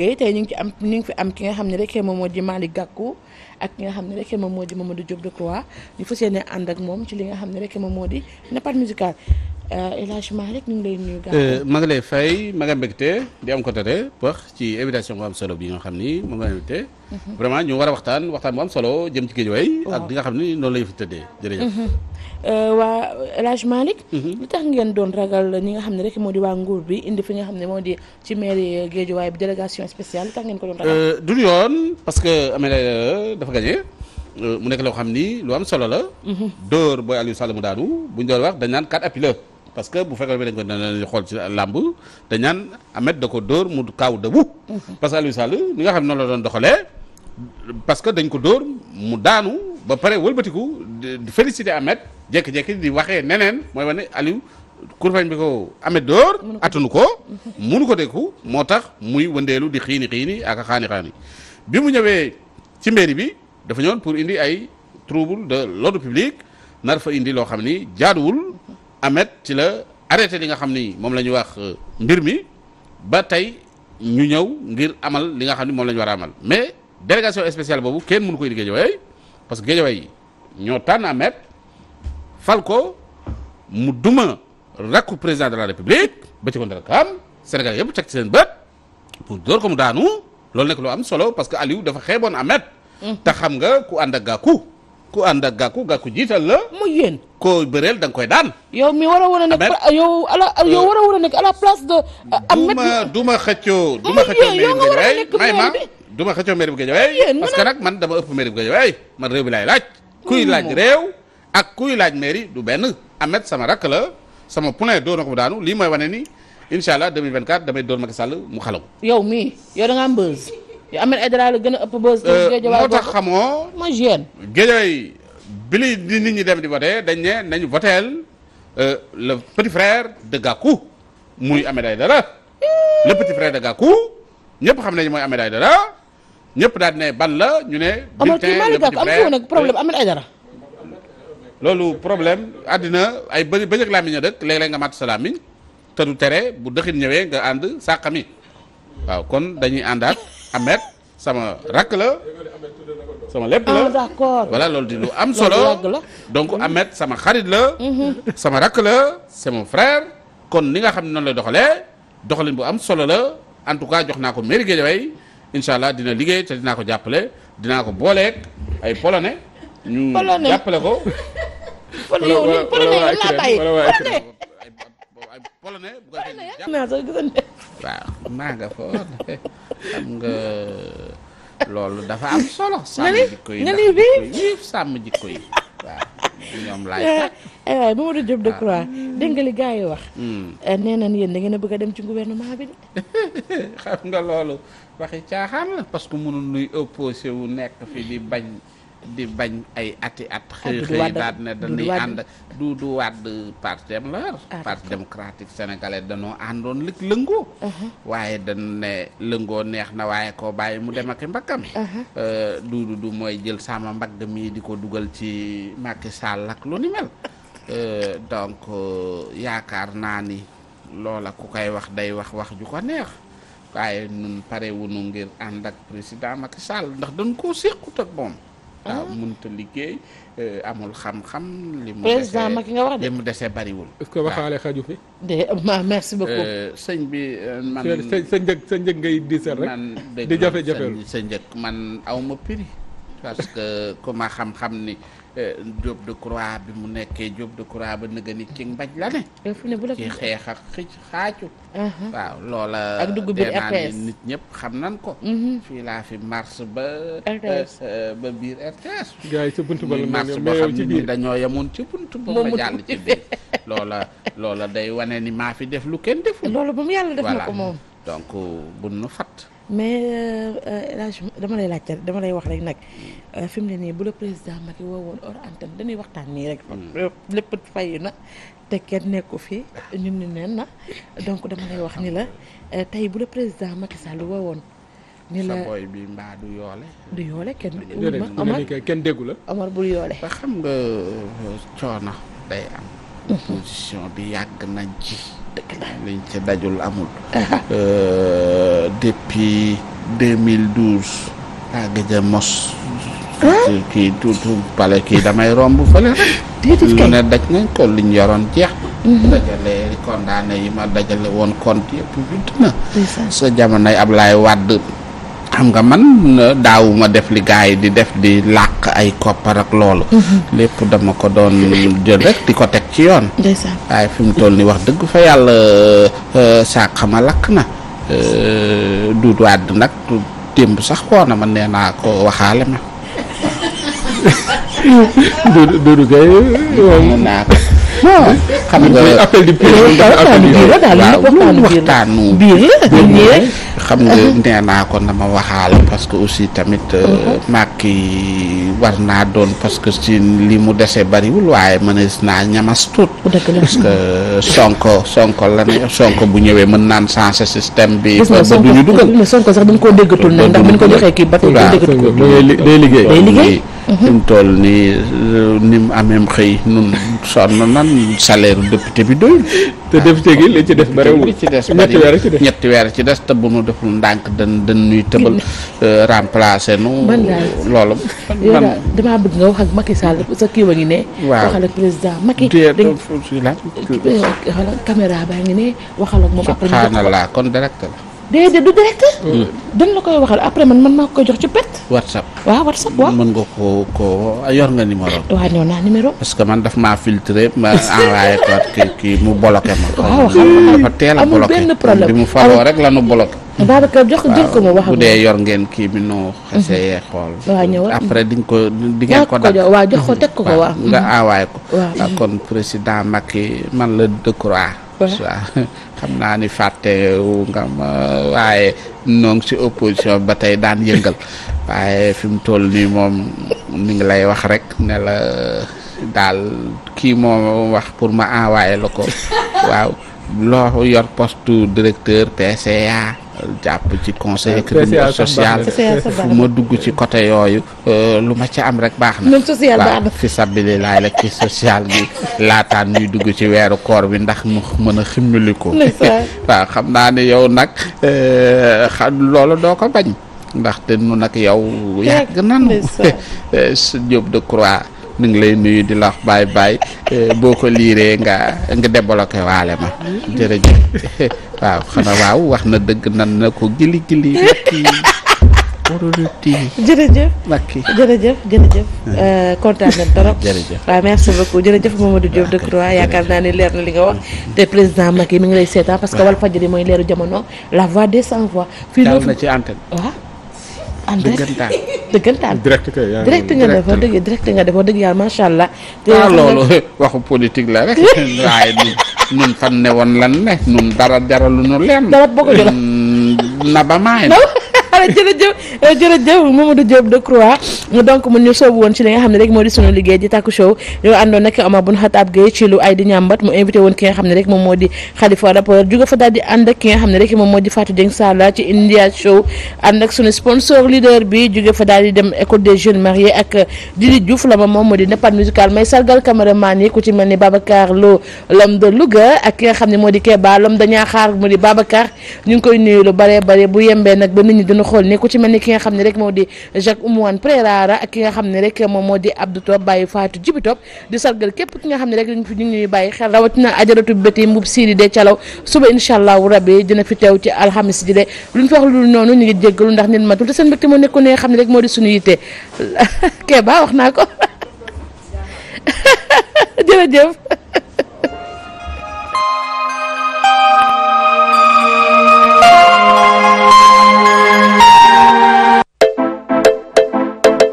Gueye tey ñu ngi ci am ñu fi am ki nga xam ne rek moom moo di Malick Gakou ak ki nga xam ne rek moom moo di Mamadou Diop Decroix ñu fas yéene ànd ak moom ci li nga xam ne rek moom moo di nappar musical Euh, El Hadj Malick euh, ma ngi lay fay ma nga mbégte di am ci invitation bu am bi nga xam ni moom la invité. Mhm. vraiment ñu war a waxtaan waxtaan bu am solo la ñu fi tëddee jërëjëf. Mhm. Euh, waa El Hadj Malick. Mhm. li doon ragal ñi nga xam ne rek moo di waa nguur bi indi fi nga xam ne moo di ci mairie Guédiawaye bi délégation spéciale li tax ngeen ko doon ragal. du yoon parce que Amady dafa gagné. mu nekk loo xam ni lu am solo la. dóor booy Aliou Sall mu daanu buñ doon wax dañ naan 4 appuis parce que bu fekkoon ne dañ ko dañ xool ci làmb te ñaan ko dóor mu kaaw debout. parce que Aliou Sall li nga xam noonu la doon doxalee parce que dañ ko dóor mu daanu ba pare wëlbatiku di féliciter Ahmed jékki di waxee neneen mooy wane Aliou. kurfañ bi ko amee dóor attanu ko munu ko dékku moo tax muy wëndeelu di xiini xiini ak xaani xaani bi mu ñëwee ci mairie bi dafa ñëwoon pour indi ay trouble de l'ordre public nar fa indi loo xam ni jaaduwul Ahmed ci la arrêté li nga xam ni moom la ñu wax euh, mbir mi ba tey ñu ñëw ngir amal li nga xam ni moom la ñu war a amal mais délégation spéciale boobu kenn mënu ko indi Guédiawaye parce que Guédiawaye ñoo tànn Ahmed fal ko mu duma rakku président de la république ba ci ko ndara kaam Sénégal yëpp teg ci seen bët pour door ko mu daanu loolu nekk lu am solo parce que Aliou dafa xeeboon Ahmed mm. te xam nga ku ànd ak gàkku ku ànd ak gàkku gàkku jiital la. mu yéen koo bëreel da nga koy daan. yow mi war a euh, war a nekk a a nekk à la place de. Euh, Ahmed du ma xëccoo. du ma xëccoo mairie bu Guédiawaye may ma du ma xëccoo mairie bu Guédiawaye parce que nag man dama ëpp mairie bu bi laay laaj. kuy laaj réew ak kuy laaj mairie du benn. Ahmed sama rakk la sama poulain doo na ko mu daanu lii mooy wane ni incha allah 2024 damay door Macky Sall mu xalaw. yow mii yow da ngaa yow Ahmed Aïdara la gën a ëpp buzz. Euh, moo tax xamoo ma jeune. géej bi li nit ñi dem di voté dañ ne nañ voteel euh, le petit frère de Gakou muy Ahmed Aïdara le petit frère de Gakou ñëpp xam nañ mooy Ahmed Aïdara ñëpp daal di ne ban la ñu ne. bulletin le petit frère am nag problème Ahmed Aïdara loolu problème àddina ay bëri bëjëg làmmiñ a dëkk léeg-léeg nga mat sa làmmiñ te du tere bu dëxin ñëwee nga ànd mi waaw kon dañuy àndaat Ahmed sama rakk la sama lépp la d'accord voilà loolu di lu am solo donc Ahmed sama xarit la sama rakk la sema mon frère kon ni nga xam ne noonu la doxale doxalin bu am solo la en tout cas jox naa ko mairie Guédiawaye incha allah dina liggéey te dinaa ko jàppale dinaa ko booleeg ay polonais ñu jàppale ko polonais polonais polonais polonais bu ko jàppale waaw maa nga fa xam nga loolu dafa am solo. sàmm jikko yi ndax yëpp sàmm jikko yi waaw ñoom laay ay eh, eh, waay Mamadou Diop Decroix dégg nga li gars yi wax. Hmm. Eh, nee nañ yéen da ngeen a bëgg dem ci gouvernement bi de. xam nga loolu waxi caaxaan la parce que mënul nuy opposé wu nekk fi di bañ. di bañ ay ati at ah, xëy xëy daal ne dañuy ànd du du wàdd parti dem la ah, parti démocratique sénégalais dañoo àndoon lig lëngoo uh-huh. waaye dañ ne lëngoo neex na waaye koo bàyyi mu dem ak mbaggam duudu uh-huh. euh, du mooy jël sama mbagg mii di ko dugal ci Macky Sall ak lu mel euh, donc euh, yaakaar naa ni loola ku koy wax day wax wax ju ko neex waaye nun pare wunu ngir ànd ak président Macky Sall ndax dañ koo séqut ak moom ah mënut a liggéey euh, amul xam-xam. li mu dese président Macky wax de. li mu dese bariwul. est-ce que waxaale xaju fi. de ma merci beaucoup. Euh, sëñ bi euh, man sa njëg sa njëg ngay diisal rek. di jafe-jafe man sa njëg man aw ma prix. parce que ku ma xam-xam ni. Eh, Diop de Croix bi mu nekkee Diop de Croix ba nëgë ni ci mbaj la eh, ne. bu la ci xeex ak xëcc xaacu. waaw loola. ak dugg biir RTS xam nan ko. Mhm. fii laa fi ba. RTS eh, ba biir RTS. gars yi dañoo yemoon ci buntu ba day wane ni maa fi def lu kenn deful. loolu ba mu yàlla def na ko moom. donc bu nu fat mais élargi euh, euh, dama lay laajte dama lay wax rek nag euh, fi mu ne nii bu la président Macky woo woon hors dañuy waxtaan nii rek. Hmm. lépp fay nag te kenn nekku fi ñun ñu neen na donc dama lay wax ni la tey bu la président Macky Sall woo woon. ni la sa boy bi mbaa du yoole. du yoole kenn ma Omar kenn déggu la. Omar bul yoole. ba xam nga coono day am. position bi yàgg nañ ci. liñ ci dajul amul euh, depuis 2012 ah gëj a mos kii tuutu pale kii damay romb fële rek lu ne daj nañ ko liñ yoroon jeex mhm. dajale condamné yi ma dajale woon compte yëpp judd na sa jamonoy Ablaye Wade xam nga man daawuma def li gars yi di def di làq ay koppar ak loolu. Mm-hmm. lépp dama ko doon jël rek di ko teg ci yoon. waaye fi mu toll ni wax dëgg fa yàlla euh, saak xama lakk na. Euh, duut wàdd nag démb sax woo man ma naa ko waxaale ma. Doudou Doudou Gueye. mën euh, naa ko. xam nga appel di. waxtaanu biir la daal waxtaanu biir la. xam nga nee naa ko na ma waxaal parce que aussi tamit euh, mhm. yi war naa doon parce que ci lii mu dese bariwul waaye mënees naa ñamas tuut parce que Sonko Sonko la ne Sonko bu ñëwee mën naan sensé système bi ba duñu dugal mais Sonko sax dañ koo déggatul nag ndax dañ ko joxee kii ba tey day liggéey day liggéey fi mu nii euh, ni mu ameem xëy nun na nan salaire député bi doyul. te député gi li ci def barewul li ci des ñetti weer ci des ñetti weer ci des te nu deful ndànk dan dan nuy tëbal euh, remplacer nu loolu man damaa bëgg nga wax ak Macky Sall sa kii a ngi ne waaw waxal ak président Macky euh, la caméra baa ngi ne waxal ak moom après subhanallah kon direct déedéet du direct. Hmm. dañ la koy waxal après man maa ko jox ci pet. whatsapp waaw whatsapp nga koo koo yor nga numéro. parce que man daf maa filtré ma envoyé ko kii mu bloqué ma. waaw xam nga bi mu faloo rek la nu bloqué. Babacar jox ko ma wax. yor ngeen kii bi nu xasee mhm. di nga ko di ngeen ko. dàq waaw jox ko ko ko waaw. nga mhm. ah, kon président Macky man la Decroix. waaw xam naa ni fàtte nga ma waaye noo ngi si opposition ba tey daan yëngal waaye fi mu toll nii moom ni ngi lay wax rek ne la daal kii moo wax pour ma envoyé la ko waaw loo yor poste directeur PCA jàpp ci conseil eh, économique social fu ma dugg ci côté yooyu euh, lu ma ci am rek baax na waaw fi sabili laay rek ci social bi laataan ñuy dugg ci weeru koor bi ndax mu mën a ximmili ko xam naa ne yow nag euh, loolu doo ko bañ ndaxte nu nag yow yàgg nanu euh, Diop Decroix ñu ngi lay nuyu di la wax baay baay eh, boo ko liiree nga nga débloqué waale ma jërëjëf waaw xanaa waaw wax na dëgg nan na ko gili gili jërëjëf jërëjëf jërëjëf hmm. euh, kontaan nañ torop waaw merci beaucoup jërëjëf Mamadou Diop Decroix yaakaar naa ni leer na li nga wax hmm. te président yi mi ngi lay seetaan parce que ah. Walfadjri mooy leeru jamono la voix des sans voix fii na ci antenne waaw ah. antenne dëggantaan direct kay yaa ngi direct nga def wax dëgg direct nga def wax dëgg yàlla macha allah. Ah, te loolu waxu politique la rek waaye ñun fan ne woon lan ne ñun dara dara lu nu leen. nawet boo ko jox naba maay. voilà jërëjëf jërëjëf Mamadou Diop Decroix donc mun ñu soobu woon ci li nga xam ne rek moo di sunu liggéey di Taku Show ñoo àndoon moom moo di Khalifa rapport ci India Show ànd ak sunu sponsor leader bi jóge fa daal di dem école des jeunes mariés ak Didi Diouf la ma moom moo di neppan musical may sargal caméraman yi ku ci mel ni Babacar Lo de Louga ak ki nga xam ne moo di Keba l'homme de Niakhar mu di Babacar ñu ngi koy nuyu lu bare bare bu yembee nag ba nit ñi dina xool ni ku ci mel ni ki nga xam ne rek moo di Jacques Oumouane Prérara ak ki nga xam ne rek moo di Abdou Top bàyyi Fatou Djibi di sargal képp ki nga xam ne rek ñu fi ñu ngi ñuy bàyyi xel rawatina ajaratu béti mbub siiri de calaw suba incha allahu rabi dina fi teew ci alxamis ji de wax lu noonu ñu ngi jéggalu ndax nit matul te seen mbégte moo nekkoon ne xam ne rek moo di suñu yitte Keba wax naa ko jërëjëf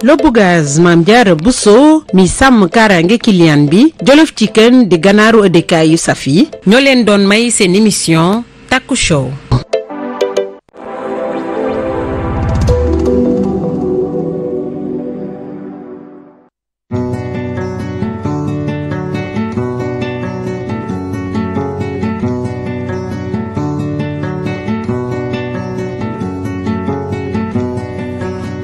Lobugaz jaar Diarra Bousso mi sàmm kaaraange kiliyaan bi Jolof ci Chicken di ganaaru ëddëkaay yu saf yi ñoo leen doon may seen émission Taku Show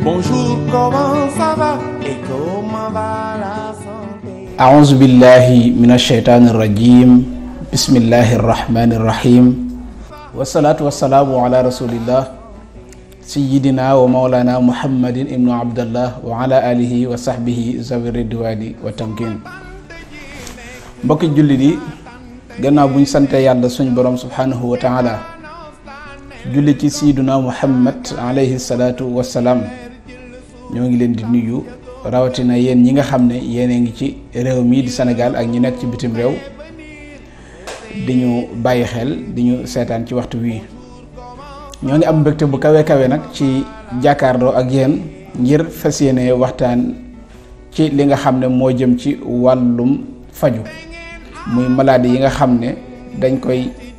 bonjour comment ça va et comment va la santé. aouzu billahi mina shaytaani rajiim bismillahi rahmaani rahiim. wasalaatu wasalaamu ala rasulillah sayyidina wa mawlana muhammadin ibnu abdallah wa ala alihi wa sahbihi zawi ridwaani wa tamkin mbokki jullit yi gannaaw buñ sante yàlla suñ borom subhanahu wa taala julli ci sayyidina muhammad alayhi salaatu wasalaam ñoo ngi leen di nuyu rawatina yéen ñi nga xam ne yéen ngi ci réew mii di senegal ak ñu nekk ci bitim réew di ñu bàyyi xel di ñu seetaan ci waxtu wii ñoo ngi am mbégte bu kawe kawe nag ci jàkkaarloo ak yéen ngir fas yéene waxtaan ci li nga xam ne moo jëm ci wàllum faju muy maladie yi nga xam ne dañ koy